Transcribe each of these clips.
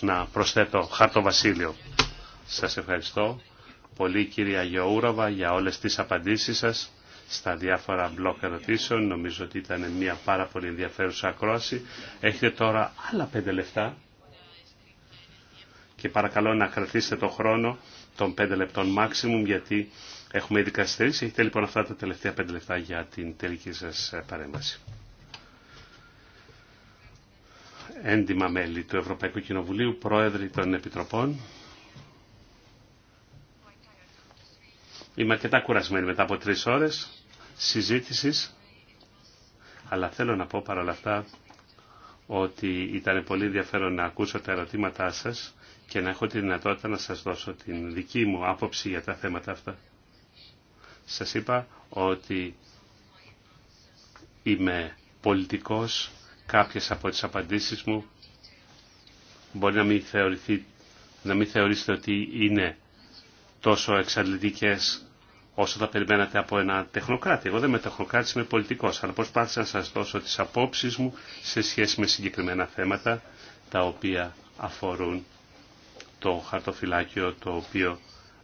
να προσθέτω βασίλειο. Σας ευχαριστώ πολύ κυρία Γεωούραβα για όλες τις απαντήσεις σας στα διάφορα μπλοκ ερωτήσεων. Νομίζω ότι ήταν μια πάρα πολύ ενδιαφέρουσα ακρόαση. Έχετε τώρα άλλα πέντε λεπτά και παρακαλώ να κρατήσετε το χρόνο των πέντε λεπτών maximum γιατί έχουμε ήδη καθυστερήσει. Έχετε λοιπόν αυτά τα τελευταία πέντε λεπτά για την τελική σας παρέμβαση έντιμα μέλη του Ευρωπαϊκού Κοινοβουλίου, πρόεδροι των Επιτροπών. Είμαι αρκετά κουρασμένη μετά από τρεις ώρες συζήτησης, αλλά θέλω να πω παρόλα αυτά ότι ήταν πολύ ενδιαφέρον να ακούσω τα ερωτήματά σας και να έχω τη δυνατότητα να σας δώσω την δική μου άποψη για τα θέματα αυτά. Σας είπα ότι είμαι πολιτικός κάποιες από τις απαντήσεις μου μπορεί να μην, να μην θεωρήσετε ότι είναι τόσο εξαντλητικές όσο θα περιμένατε από ένα τεχνοκράτη. Εγώ δεν είμαι τεχνοκράτης, είμαι πολιτικός, αλλά προσπάθησα να σας δώσω τις απόψεις μου σε σχέση με συγκεκριμένα θέματα τα οποία αφορούν το χαρτοφυλάκιο το οποίο,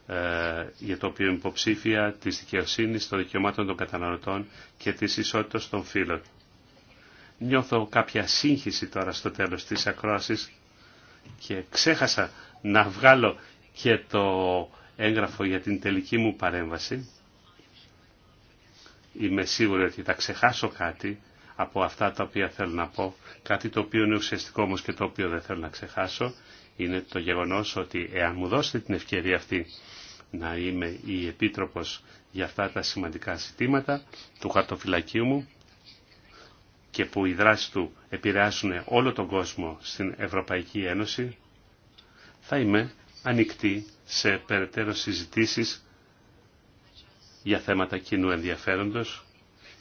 ε, για το οποίο υποψήφια της δικαιοσύνης, των δικαιωμάτων των καταναλωτών και της ισότητας των φύλων. Νιώθω κάποια σύγχυση τώρα στο τέλος της ακρόασης και ξέχασα να βγάλω και το έγγραφο για την τελική μου παρέμβαση. Είμαι σίγουρη ότι θα ξεχάσω κάτι από αυτά τα οποία θέλω να πω. Κάτι το οποίο είναι ουσιαστικό όμως και το οποίο δεν θέλω να ξεχάσω είναι το γεγονός ότι εάν μου δώσετε την ευκαιρία αυτή να είμαι η Επίτροπος για αυτά τα σημαντικά ζητήματα του χαρτοφυλακίου μου, και που οι δράσεις του επηρεάζουν όλο τον κόσμο στην Ευρωπαϊκή Ένωση, θα είμαι ανοιχτή σε περαιτέρω συζητήσεις για θέματα κοινού ενδιαφέροντος,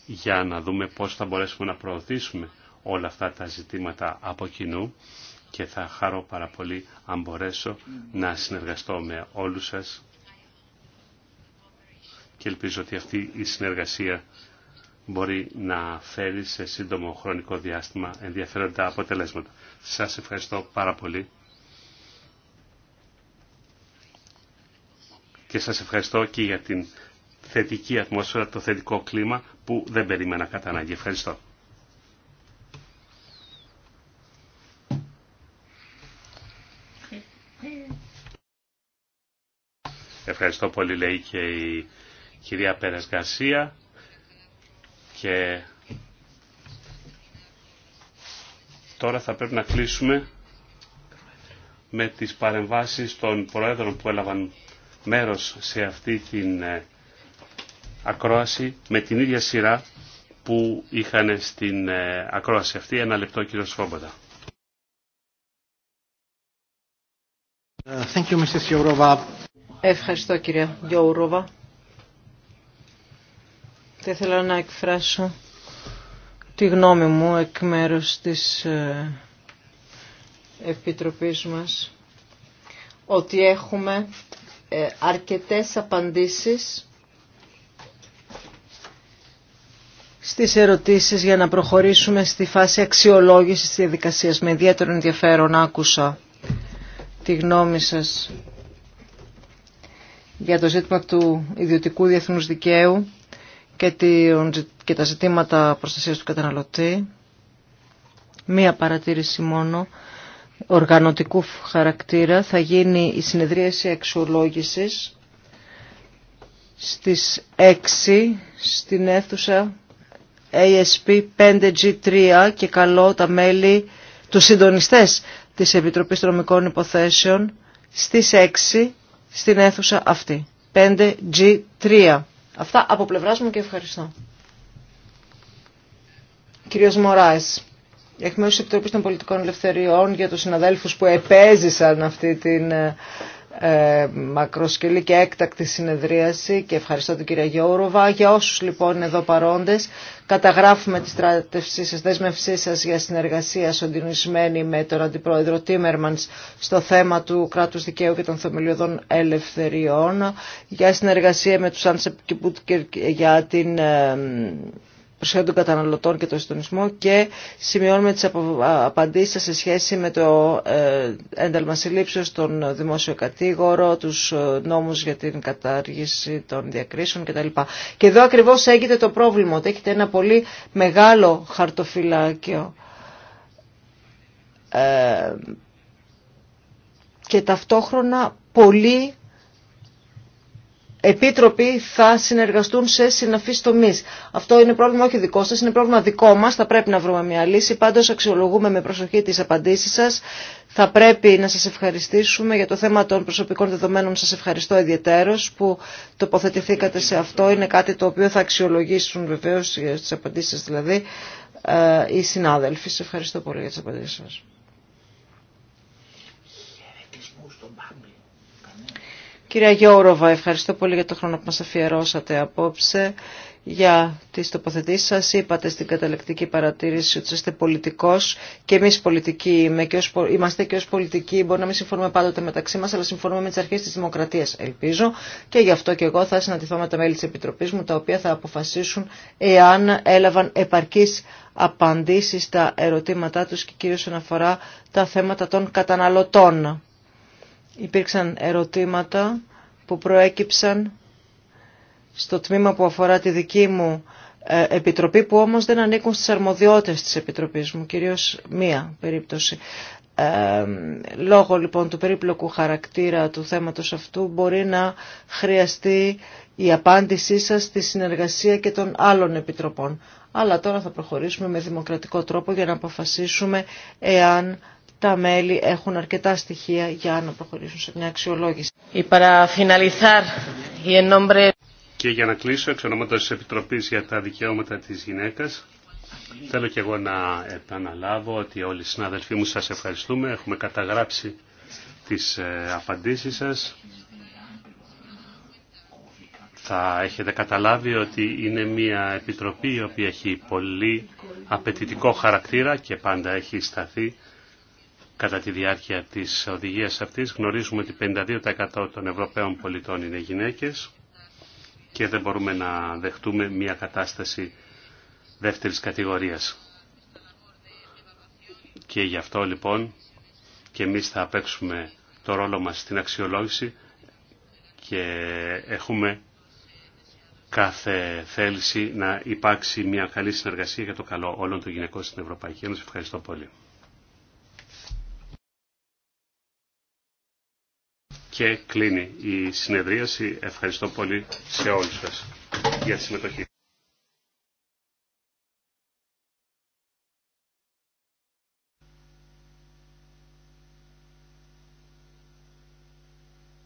για να δούμε πώς θα μπορέσουμε να προωθήσουμε όλα αυτά τα ζητήματα από κοινού και θα χαρώ πάρα πολύ αν μπορέσω να συνεργαστώ με όλους σας και ελπίζω ότι αυτή η συνεργασία μπορεί να φέρει σε σύντομο χρονικό διάστημα ενδιαφέροντα αποτελέσματα. Σας ευχαριστώ πάρα πολύ. Και σας ευχαριστώ και για την θετική ατμόσφαιρα, το θετικό κλίμα που δεν περίμενα κατά ανάγκη. Ευχαριστώ. Ευχαριστώ πολύ λέει και η κυρία Πέρας Γκαρσία. Και τώρα θα πρέπει να κλείσουμε με τις παρεμβάσεις των προέδρων που έλαβαν μέρος σε αυτή την ε, ακρόαση με την ίδια σειρά που είχαν στην ε, ακρόαση αυτή. Ένα λεπτό κύριο Σφόμποντα. Ευχαριστώ κύριε θα ήθελα να εκφράσω τη γνώμη μου εκ μέρους της ε, Επιτροπής μας ότι έχουμε ε, αρκετές απαντήσεις στις ερωτήσεις για να προχωρήσουμε στη φάση αξιολόγησης της διαδικασίας. Με ιδιαίτερο ενδιαφέρον άκουσα τη γνώμη σας για το ζήτημα του ιδιωτικού διεθνούς δικαίου και τα ζητήματα προστασίας του καταναλωτή. Μία παρατήρηση μόνο οργανωτικού χαρακτήρα θα γίνει η συνεδρίαση αξιολόγησης στις 6 στην αίθουσα ASP 5G3 και καλό τα μέλη, του συντονιστές της Επιτροπής Τρομικών Υποθέσεων στις 6 στην αίθουσα αυτή. 5G3. Αυτά από πλευρά μου και ευχαριστώ. Κύριο Μωράη, εκ μέρου τη Επιτροπή των Πολιτικών Ελευθεριών για του συναδέλφου που επέζησαν αυτή την ε, ε, μακροσκελή και έκτακτη συνεδρίαση και ευχαριστώ την κυρία Γιώργοβα. Για όσους λοιπόν είναι εδώ παρόντες, καταγράφουμε τη στράτευσή σας, δέσμευσή σας για συνεργασία σοντινισμένη με τον Αντιπρόεδρο Τίμερμανς στο θέμα του κράτους δικαίου και των θεμελιωδών ελευθεριών, για συνεργασία με τους Άντσεπ για την... Ε, προσφέρει των καταναλωτών και το συντονισμό και σημειώνουμε τις απαντήσεις σε σχέση με το ε, ένταλμα συλλήψεως των δημόσιο κατήγορο, τους ε, νόμους για την κατάργηση των διακρίσεων κτλ. Και εδώ ακριβώς έγινε το πρόβλημα ότι έχετε ένα πολύ μεγάλο χαρτοφυλάκιο ε, και ταυτόχρονα πολύ επίτροποι θα συνεργαστούν σε συναφεί τομεί. Αυτό είναι πρόβλημα όχι δικό σα, είναι πρόβλημα δικό μα. θα πρέπει να βρούμε μια λύση. Πάντω αξιολογούμε με προσοχή τις απαντήσει σα. Θα πρέπει να σα ευχαριστήσουμε για το θέμα των προσωπικών δεδομένων. σα ευχαριστώ ιδιαίτερω που τοποθετηθήκατε σε αυτό. Είναι κάτι το οποίο θα αξιολογήσουν βεβαίω τις απαντήσεις σα δηλαδή ε, οι συνάδελφοι. Σα ευχαριστώ πολύ για τι απαντήσει σα. Κυρία Γιώροβα, ευχαριστώ πολύ για το χρόνο που μας αφιερώσατε απόψε για τις τοποθετήσεις σας. Είπατε στην καταλεκτική παρατήρηση ότι είστε πολιτικός και εμείς πολιτικοί είμαι και ως, είμαστε και ως πολιτικοί. Μπορεί να μην συμφωνούμε πάντοτε μεταξύ μας, αλλά συμφωνούμε με τις αρχές της δημοκρατίας, ελπίζω. Και γι' αυτό και εγώ θα συναντηθώ με τα μέλη της Επιτροπής μου, τα οποία θα αποφασίσουν εάν έλαβαν επαρκείς απαντήσεις στα ερωτήματά τους και κυρίως αναφορά τα θέματα των καταναλωτών. Υπήρξαν ερωτήματα που προέκυψαν στο τμήμα που αφορά τη δική μου ε, επιτροπή που όμως δεν ανήκουν στις αρμοδιότητες της επιτροπής μου, κυρίως μία περίπτωση. Ε, λόγω λοιπόν του περίπλοκου χαρακτήρα του θέματος αυτού μπορεί να χρειαστεί η απάντησή σας στη συνεργασία και των άλλων επιτροπών. Αλλά τώρα θα προχωρήσουμε με δημοκρατικό τρόπο για να αποφασίσουμε εάν τα μέλη έχουν αρκετά στοιχεία για να προχωρήσουν σε μια αξιολόγηση. Και για να κλείσω εξ ονόματος της Επιτροπής για τα Δικαιώματα της Γυναίκας, θέλω και εγώ να επαναλάβω ότι όλοι οι συναδελφοί μου σας ευχαριστούμε. Έχουμε καταγράψει τις ε, απαντήσεις σας. Θα έχετε καταλάβει ότι είναι μια επιτροπή η οποία έχει πολύ απαιτητικό χαρακτήρα και πάντα έχει σταθεί κατά τη διάρκεια της οδηγίας αυτής. Γνωρίζουμε ότι 52% των Ευρωπαίων πολιτών είναι γυναίκες και δεν μπορούμε να δεχτούμε μια κατάσταση δεύτερης κατηγορίας. Και γι' αυτό λοιπόν και εμείς θα παίξουμε το ρόλο μας στην αξιολόγηση και έχουμε κάθε θέληση να υπάρξει μια καλή συνεργασία για το καλό όλων των γυναικών στην Ευρωπαϊκή Ένωση. Ευχαριστώ πολύ. και κλείνει η συνεδρίαση. Ευχαριστώ πολύ σε όλους σας για τη συμμετοχή.